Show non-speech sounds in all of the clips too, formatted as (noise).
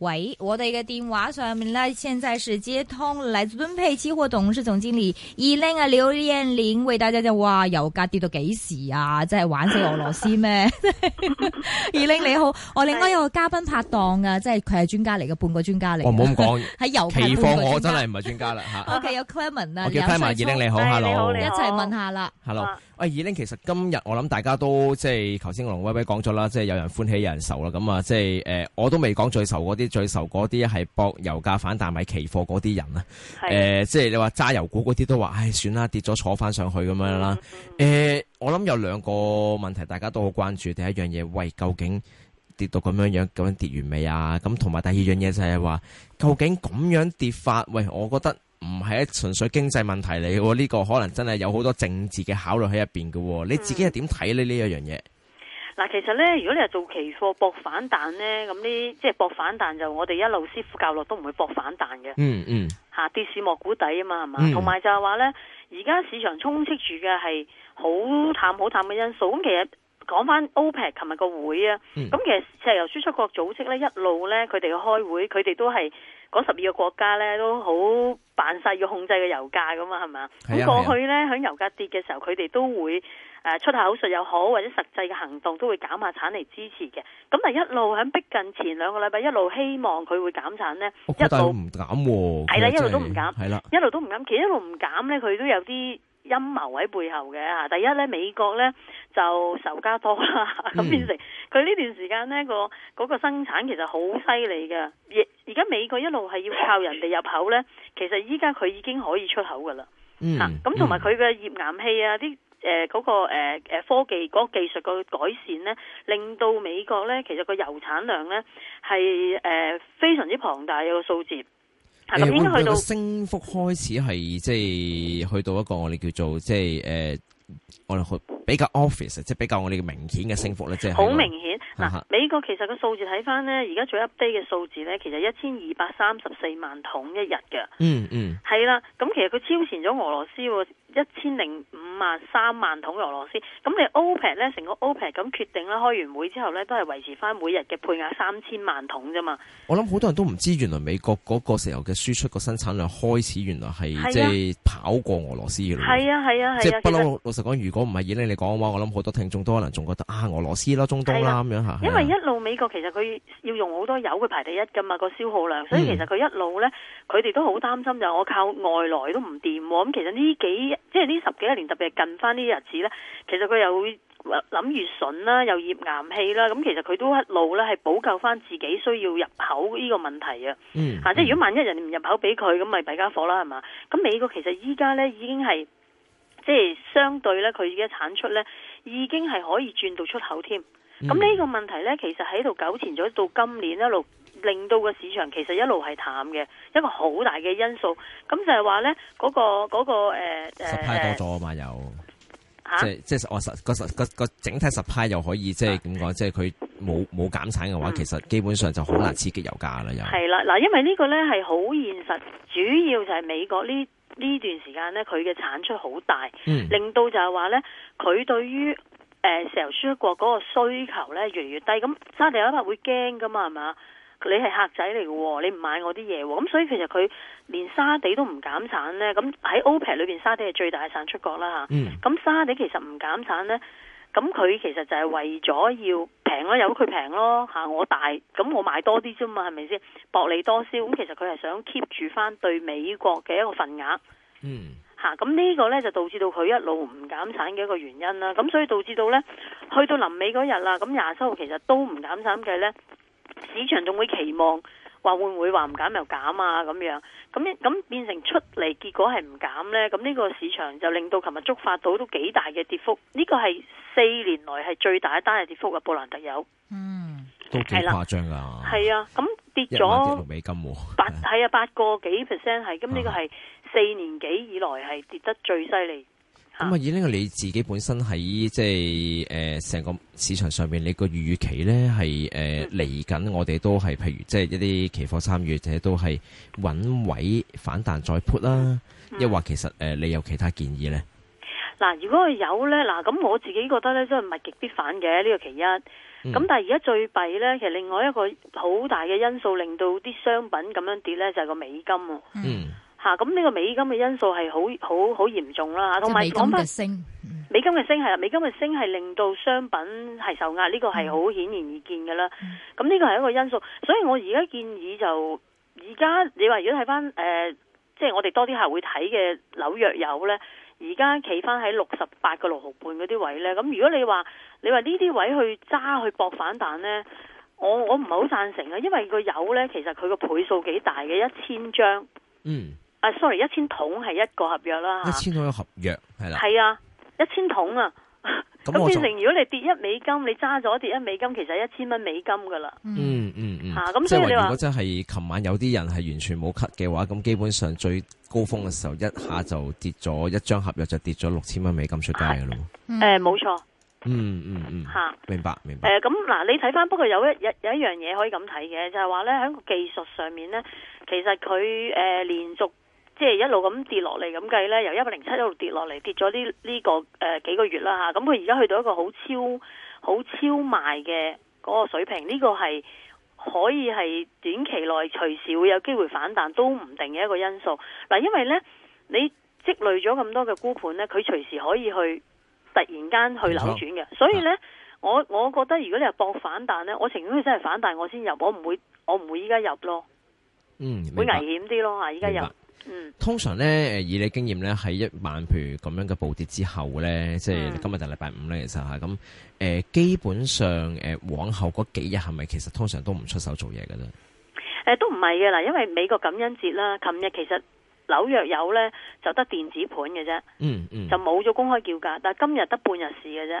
喂，我哋嘅電話上面咧，現在是接通，嚟自敦沛期貨董事總經理艷玲啊劉艷玲，為大家就話，油價跌到幾時啊？即係玩死俄羅斯咩？艷玲 (laughs) (laughs) 你好，我另外有個嘉賓拍檔啊，即係佢係專家嚟嘅，半個專家嚟，我唔好咁講，油。期貨 (laughs) 我真係唔係專家啦吓。 (laughs) (laughs) OK，有 Clement 啊， (laughs) 我叫 Clement，艷玲你好，哈嘍，你好，你好一齊問下啦，Hello 喂，艷玲好 Hello,、哎、其實今日我諗大家都即係頭先我同威威講咗啦，即係有人歡喜有人愁啦，咁啊即係誒、呃，我都未講最愁嗰啲。最受嗰啲係博油價反彈買期貨嗰啲人啊是的、呃，誒，即係你話揸油股嗰啲都話，唉，算啦，跌咗坐翻上去咁樣啦。誒、呃，我諗有兩個問題，大家都好關注，第一樣嘢，喂，究竟跌到咁樣樣，咁樣跌完未啊？咁同埋第二樣嘢就係話，究竟咁樣跌法，喂，我覺得唔係一純粹經濟問題嚟嘅，呢、這個可能真係有好多政治嘅考慮喺入邊嘅。你自己係點睇咧呢一、嗯、樣嘢？嗱，其實咧，如果你係做期貨博反彈咧，咁呢即係博反彈就我哋一路師傅教落都唔會博反彈嘅、嗯。嗯嗯。嚇，跌市莫估底啊嘛，係嘛？同埋、嗯、就係話咧，而家市場充斥住嘅係好淡好淡嘅因素。咁其實講返 OPEC 琴日個會啊，咁、嗯、其實石油輸出國組織咧一路咧佢哋開會，佢哋都係嗰十二個國家咧都好扮晒要控制嘅油價㗎嘛，係咪？咁、啊啊、過去咧喺油價跌嘅時候，佢哋都會。誒出口術又好，或者實際嘅行動都會減下產嚟支持嘅。咁啊，一路響逼近前兩個禮拜，一路希望佢會減產呢。一路都唔減喎。係啦的，一路都唔減，係啦，一路都唔減。其實一路唔減呢，佢都有啲陰謀喺背後嘅嚇。第一呢，美國呢就仇家多啦，咁、嗯、變成佢呢段時間呢個嗰、那個生產其實好犀利嘅。而家美國一路係要靠人哋入口呢，其實依家佢已經可以出口噶啦。嗯，咁同埋佢嘅頁岩氣啊啲。誒嗰、呃那個誒、呃、科技嗰、那個技術個改善咧，令到美國咧其實個油產量咧係誒非常之龐大一個數字，係咁、欸、應該去到升幅開始係，即係去到一個我哋叫做即係誒、呃、我哋去。比較 office 即係比較我哋嘅明顯嘅升幅咧，即係好明顯。嗱哈，美國其實個數字睇翻咧，而家最 update 嘅數字咧，其實一千二百三十四萬桶一日嘅，嗯。嗯嗯，係啦，咁其實佢超前咗俄羅斯喎，一千零五十三萬桶俄羅斯。咁你 OPEC 咧，成個 OPEC 咁決定啦。開完會之後咧，都係維持翻每日嘅配額三千萬桶啫嘛。我諗好多人都唔知，原來美國嗰個石油嘅輸出，那個生產量開始原來係的即係跑過俄羅斯嘅。係啊係啊係啊！不嬲，實老實講，如果唔係以呢講話我諗好多聽眾都可能仲覺得啊俄羅斯啦中東啦，咁的樣吓，因為一路美國其實佢要用好多油，去排第一㗎嘛個消耗量，所以其實佢一路咧，佢哋都好擔心就我靠外來都唔掂，咁、嗯嗯、其實呢幾即係呢十幾年特別係近翻呢啲日子咧，其實佢又會諗越順啦，又頁岩氣啦，咁、嗯嗯、其實佢都一路咧係補救翻自己需要入口呢個問題啊，吓即係如果萬一人哋唔入口俾佢，咁咪弊家伙啦係嘛，咁美國其實依家咧已經係。即係相對咧，佢而家產出咧，已經係可以轉到出口添。咁呢、嗯、個問題咧，其實喺度糾纏咗到今年一路，令到個市場其實一路係淡嘅一個好大嘅因素。咁就係話咧，嗰、那個嗰個誒誒、呃、十派多咗啊嘛，又、啊、即係即係我十個十個個整體十派又可以即係點講？即係佢冇冇減產嘅話，嗯、其實基本上就好難刺激油價啦。又係啦，嗱，因為呢個咧係好現實，主要就係美國呢。呢段時間呢，佢嘅產出好大，嗯、令到就係話呢，佢對於誒、呃、石油輸出國嗰個需求呢，越嚟越低，咁沙地有一伯會驚噶嘛？係嘛？你係客仔嚟嘅喎，你唔買我啲嘢喎，咁所以其實佢連沙地都唔減產呢。咁喺 OPEC 裏面，沙地係最大嘅產出國啦嚇。咁、嗯啊、沙地其實唔減產呢。咁佢其實就係為咗要平咯，有佢平咯吓我大咁我買多啲啫嘛，係咪先？薄利多銷咁，其實佢係想 keep 住翻對美國嘅一個份額，嗯吓，咁呢個呢，就導致到佢一路唔減產嘅一個原因啦。咁所以導致到呢，去到臨尾嗰日啦，咁廿七號其實都唔減產嘅呢，市場仲會期望。話會唔會話唔減又減啊？咁樣，咁咁變成出嚟結果係唔減呢？咁呢個市場就令到琴日觸發到都幾大嘅跌幅。呢個係四年內係最大一單嘅跌幅啊！布蘭特油，嗯，都幾，誇張噶，係啊，咁跌咗八係啊八個幾 percent 係，咁呢個係四年幾以來係跌得最犀利。咁啊，以呢個你自己本身喺即係誒成個市場上面，你個預期咧係誒嚟緊，呃嗯、我哋都係譬如即係一啲期貨參與者都係揾位反彈再 put 啦、啊，抑、嗯、或者其實誒、呃、你有其他建議咧？嗱，如果佢有咧，嗱，咁我自己覺得咧都係物極必反嘅，呢、這個其一。咁、嗯、但係而家最弊咧，其實另外一個好大嘅因素令到啲商品咁樣跌咧，就係、是、個美金。嗯。啊，咁呢個美金嘅因素係好好好嚴重啦，同埋講翻美金嘅升係啦，美金嘅升係、啊、令到商品係受壓，呢、呢個係好顯然易見嘅啦。咁呢、嗯、個係一個因素，所以我而家建議就而家你話如果睇翻誒，即、呃、係、即係、我哋多啲客戶睇嘅紐約油呢，而家企翻喺六十八個六毫半嗰啲位呢。咁如果你話你話呢啲位去揸去搏反彈呢，我我唔係好贊成啊，因為個油呢，其實佢個倍數幾大嘅一千張，嗯。Sorry 一千桶係一個合約啦，一千桶嘅合約係啦，係啊，一千桶啊，咁變成如果你跌一美金，你揸咗跌一美金，其實一千蚊美金噶啦、嗯，嗯嗯嗯，咁、啊、所以你話如果真係琴晚有啲人係完全冇 cut 嘅話，咁基本上最高峰嘅時候一下就跌咗、嗯、一張合約就跌咗六千蚊美金出街嘅咯，誒，冇、呃、錯，嗯嗯嗯、嗯、啊明，明白明白，咁嗱、啊，你睇翻不過有一有有一樣嘢可以咁睇嘅，就係話咧喺個技術上面咧，其實佢、呃、連續。即係一路咁跌落嚟咁計呢，由一百零七一路跌落嚟，跌咗呢呢個、呃、幾個月啦吓，咁佢而家去到一個好超好超賣嘅嗰個水平，呢、呢個係可以係短期內隨時會有機會反彈都唔定嘅一個因素。嗱，因為呢，你積累咗咁多嘅沽盤呢，佢隨時可以去突然間去扭轉嘅。沒錯 所以呢，啊、我我覺得如果你係搏反彈呢，我情願佢真係反彈，我先入。我唔會我唔會依家入咯。嗯、會危險啲咯嚇，依家入。嗯，通常咧，誒以你經驗咧，喺一晚譬如咁樣嘅暴跌之後咧，即係今日就禮拜五咧，其實吓咁，誒基本上誒、呃、往後嗰幾日係咪其實通常都唔出手做嘢嘅咧？誒、呃、都唔係嘅啦，因為美國感恩節啦，琴日其實紐約有咧就得電子盤嘅啫。嗯嗯，就冇咗公開叫價，但係今日得半日市嘅啫，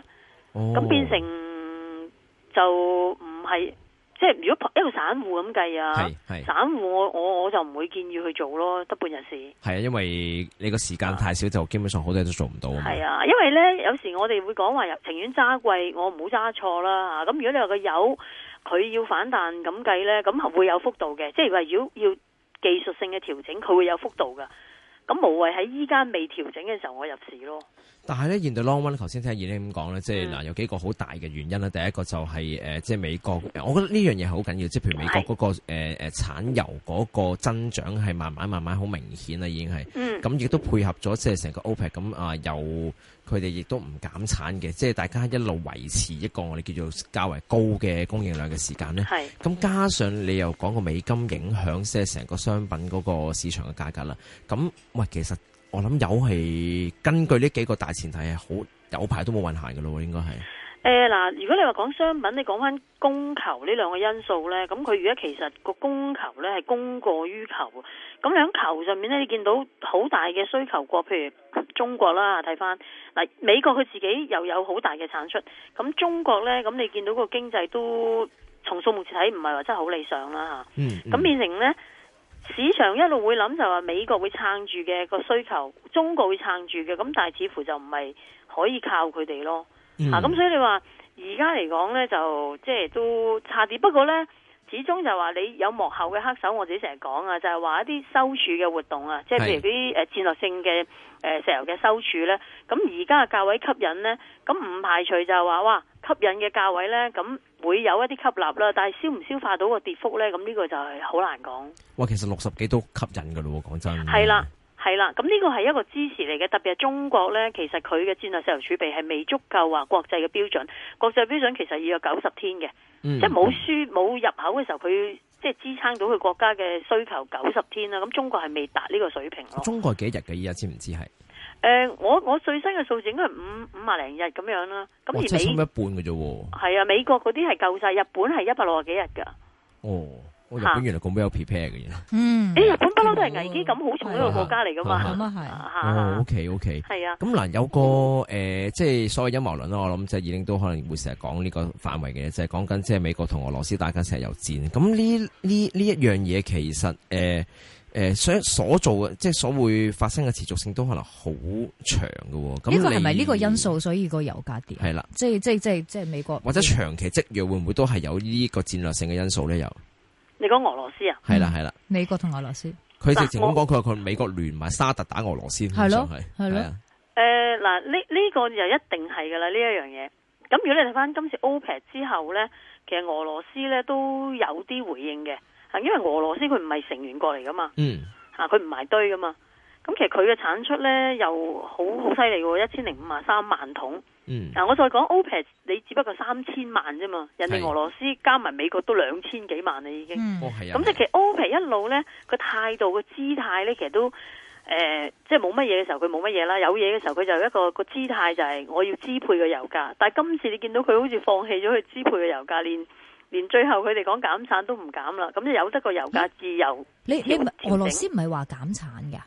咁、哦、變成就唔係。即係如果一個散戶咁計啊，散戶我我我就唔會建議去做咯，得半日市。係啊，因為你個時間太少，就基本上好多嘢都做唔到。係啊，因為咧，有時我哋會講話，情願揸貴，我唔好揸錯啦。咁如果你話個油佢要反彈咁計咧，咁係會有幅度嘅，即係話如果要技術性嘅調整，佢會有幅度㗎。咁無謂喺依家未調整嘅時候，我入市咯。但係咧，面對 long o n e 頭先聽燕姐咁講呢，即係嗱有幾個好大嘅原因啦。嗯、第一個就係即係美國，我覺得呢樣嘢好緊要。即、就、係、是、譬如美國嗰、那個誒產產油嗰個增長係慢慢慢慢好明顯啦，已經係。咁亦、嗯、都配合咗，即係成個 OPEC 咁、嗯、啊，又佢哋亦都唔減產嘅，即、就、係、是、大家一路維持一個我哋叫做較為高嘅供應量嘅時間咧。咁是加上你又講個美金影響，即係成個商品嗰個市場嘅價格啦。咁喂，其實我諗有係根據呢幾個大前提係好有排都冇運行嘅咯，應該係誒嗱。如果你話講商品，你講翻供求呢兩個因素咧，咁佢而家其實個供求咧係供過於求，咁喺球上面咧，你見到好大嘅需求過，譬如中國啦，睇翻嗱美國佢自己又有好大嘅產出，咁中國咧，咁你見到個經濟都從數目前睇唔係話真係好理想啦吓，咁、嗯嗯、變成咧。市場一路會諗就話美國會撐住嘅個需求，中國會撐住嘅，咁但係似乎就唔係可以靠佢哋咯。嗯、啊，咁所以你話而家嚟講呢，就即係都差啲。不過呢，始終就話你有幕後嘅黑手，我自己成日講啊，就係、是、話一啲收儲嘅活動啊，即係是 譬如啲誒戰略性嘅石油嘅收儲呢。咁而家嘅價位吸引呢，咁唔排除就話哇。吸引嘅價位呢，咁會有一啲吸納啦，但係消唔消化到個跌幅呢？咁呢個就係好難講。哇，其實六十幾都吸引噶咯，講真。係啦，係啦，咁呢個係一個支持嚟嘅，特別係中國呢，其實佢嘅戰略石油儲備係未足夠話國際嘅標準。國際標準其實要有九十天嘅，嗯、即係冇輸冇入口嘅時候，佢即係支撐到佢國家嘅需求九十天啦。咁中國係未達呢個水平咯。中國幾日嘅依家知唔知係？誒、呃，我我最新嘅數字應該五五十零日咁樣啦。咁而美一半嘅啫。係啊，美國嗰啲係夠晒，日本係一百六十幾日噶。哦，我日本原來咁比有 prepare 嘅嘢。嗯，誒，日本不嬲都係危機感好、嗯、機重一個國家嚟噶嘛。咁啊係。哦，OK OK。係啊，咁嗱、呃，有個誒、呃，即係所謂陰謀論啦。我諗即係 Elaine 都可能會成日講呢個範圍嘅嘢，就係講緊即係美國同俄羅斯大家成日有戰。咁呢呢呢一樣嘢其實誒。誒、呃、所以所做嘅，即係所會發生嘅持續性都可能好長嘅喎。咁呢個係咪呢個因素所以個油價跌？係啦了，即係即係即係即係美國，或者長期即若會唔會都係有呢個戰略性嘅因素咧？又你講俄羅斯啊？係啦係啦，美國同俄羅斯，佢直情講佢話佢美國聯埋沙特打俄羅斯，係咯係咯。誒嗱、啊，呢呢個又一定係㗎啦，呢一樣嘢。咁如果你睇翻今次 OPEC 之後咧，其實俄羅斯咧都有啲回應嘅。因為俄羅斯佢唔係成員國嚟噶嘛，吓，佢唔埋堆噶嘛，咁其實佢嘅產出咧又好好犀利嘅，一千零五十三萬桶。嗱、嗯，我再講 OPEC，你只不過三千萬啫嘛，人哋俄羅斯加埋美國都兩千幾萬啦已經。咁即其實 OPEC 一路咧個態度個姿態咧，其實都誒、呃、即係冇乜嘢嘅時候佢冇乜嘢啦，有嘢嘅時候佢就有一個個姿態就係我要支配嘅油價，但係今次你見到佢好似放棄咗佢支配嘅油價，連。連最後佢哋講減產都唔減啦，咁就有得個油價自由。你你俄羅斯唔係話減產噶？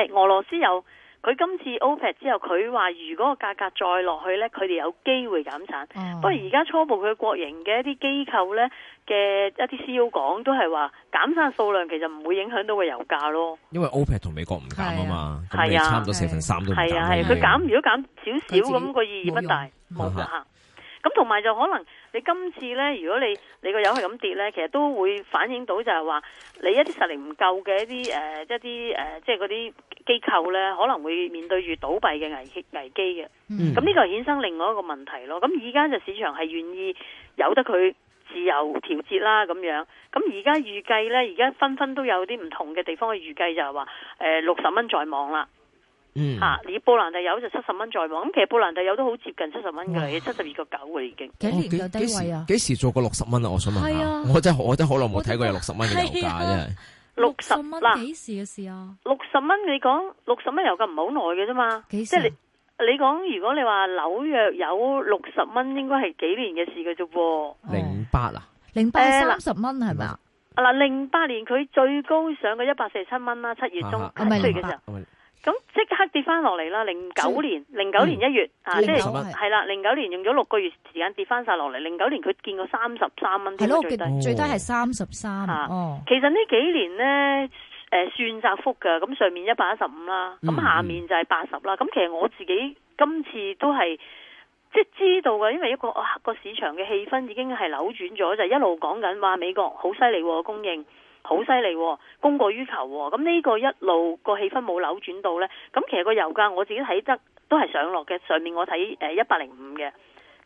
誒，俄羅斯、欸、斯有佢今次 OPEC 之後，佢話如果個價格再落去咧，佢哋有機會減產。啊、不過而家初步佢國營嘅一啲機構咧嘅一啲 CEO 講都係話減產數量其實唔會影響到個油價咯。因為 OPEC 同美國唔減啊嘛，咁你，差唔多四分三都唔減啊，係啊，佢減、啊啊、如果減少少咁個意義不大，冇錯用。咁同埋就可能你今次呢，如果你你個油係咁跌呢，其實都會反映到就係話你一啲實力唔夠嘅一啲誒、呃、一啲誒、呃、即係嗰啲機構呢，可能會面對住倒閉嘅危危機嘅。咁呢、嗯、個係衍生另外一個問題咯。咁而家就市場係願意由得佢自由調節啦，咁樣。咁而家預計呢，而家紛紛都有啲唔同嘅地方去預計就係話，誒六十蚊在望啦。嗯，吓你布蘭特有就七十蚊在望，咁其實布蘭特有都好接近七十蚊噶啦，七十二個九噶已經幾年有低位啊？幾時做過六十蚊啊？我想問下，我真我真好耐冇睇過有六十蚊嘅油價，真係六十蚊嗱，幾時嘅事啊？六十蚊你講六十蚊油價唔係好耐嘅啫嘛？即係你你講，如果你話紐約有六十蚊，應該係幾年嘅事嘅啫噃？零八啊，零八三十蚊係咪？啊嗱，零八年佢最高上過一百四十七蚊啦，七月中七月嘅時咁即刻跌翻落嚟啦！零九年，零九年一月啊，嗯、即係係啦，零九年用咗六個月時間跌翻晒落嚟。零九年佢見過三十三蚊，係咯，我記得最低係三十三。吓、哦，啊哦、其實呢幾年呢，誒，算窄幅噶。咁上面一百一十五啦，咁、嗯嗯、下面就係八十啦。咁其實我自己今次都係即係知道㗎，因為一個個市場嘅氣氛已經係扭轉咗，就是、一路講緊話美國好犀利供應。好犀利喎，供過於求喎。咁呢個一路個氣氛冇扭轉到呢。咁其實個油價我自己睇得都係上落嘅。上面我睇誒一百零五嘅，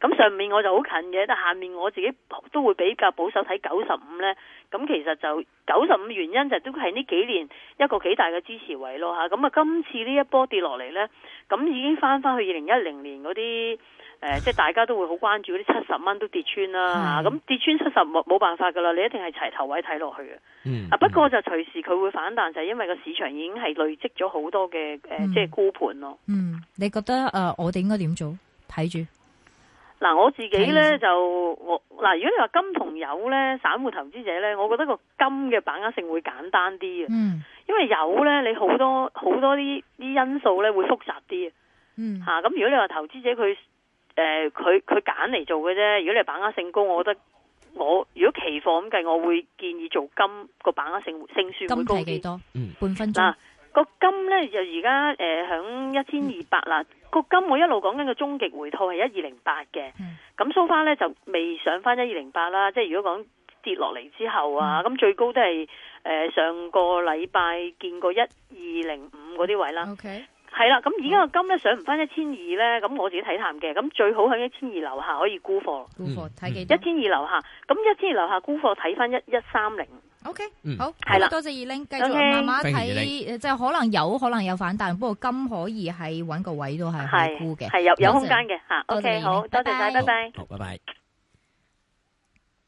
咁上面我就好近嘅，但下面我自己都會比較保守睇九十五呢。咁其實就九十五原因就是都係呢幾年一個幾大嘅支持位咯吓，咁啊，今次呢一波跌落嚟呢，咁已經翻翻去二零一零年嗰啲。誒、呃，即係大家都會好關注嗰啲七十蚊都跌穿啦、啊。咁、mm. 啊、跌穿七十冇冇辦法噶啦，你一定係齊頭位睇落去嘅。Mm. 啊，不過就隨時佢會反彈，就係、是、因為個市場已經係累積咗好多嘅誒，即係沽盤咯。Mm. 呃、嗯，你覺得誒、呃，我哋應該點做？睇住嗱，我自己咧就我嗱。如果你話金同油咧，散戶投資者咧，我覺得個金嘅把握性會簡單啲嘅，mm. 因為油咧你好多好多啲啲因素咧會複雜啲嗯，吓咁、mm. 啊，如果你話投資者佢。誒，佢佢揀嚟做嘅啫。如果你係把握性高，我覺得我如果期貨咁計，我會建議做金個把握性勝算會高，金高幾多？嗯，半分鐘。嗱、啊，個金咧就而家誒響一千二百啦。個、呃嗯、金我一路講緊個終極回吐係一二零八嘅。咁收翻咧就未上翻一二零八啦。即係如果講跌落嚟之後啊，咁、嗯、最高都係誒、呃、上個禮拜見過一二零五嗰啲位啦。嗯 okay 係啦，咁而家個金咧上唔翻一千二咧，咁我自己睇淡嘅。咁最好喺一千二樓下可以沽貨。沽貨睇幾多？一千二樓下，咁一千二樓下沽貨睇翻一一三零。O K，好，係啦，多謝艷玲繼續慢慢睇，就可能有可能有反彈，不過金可以係揾個位都係沽嘅，係有有空間嘅嚇。O K，好多謝晒，拜拜。好，拜拜。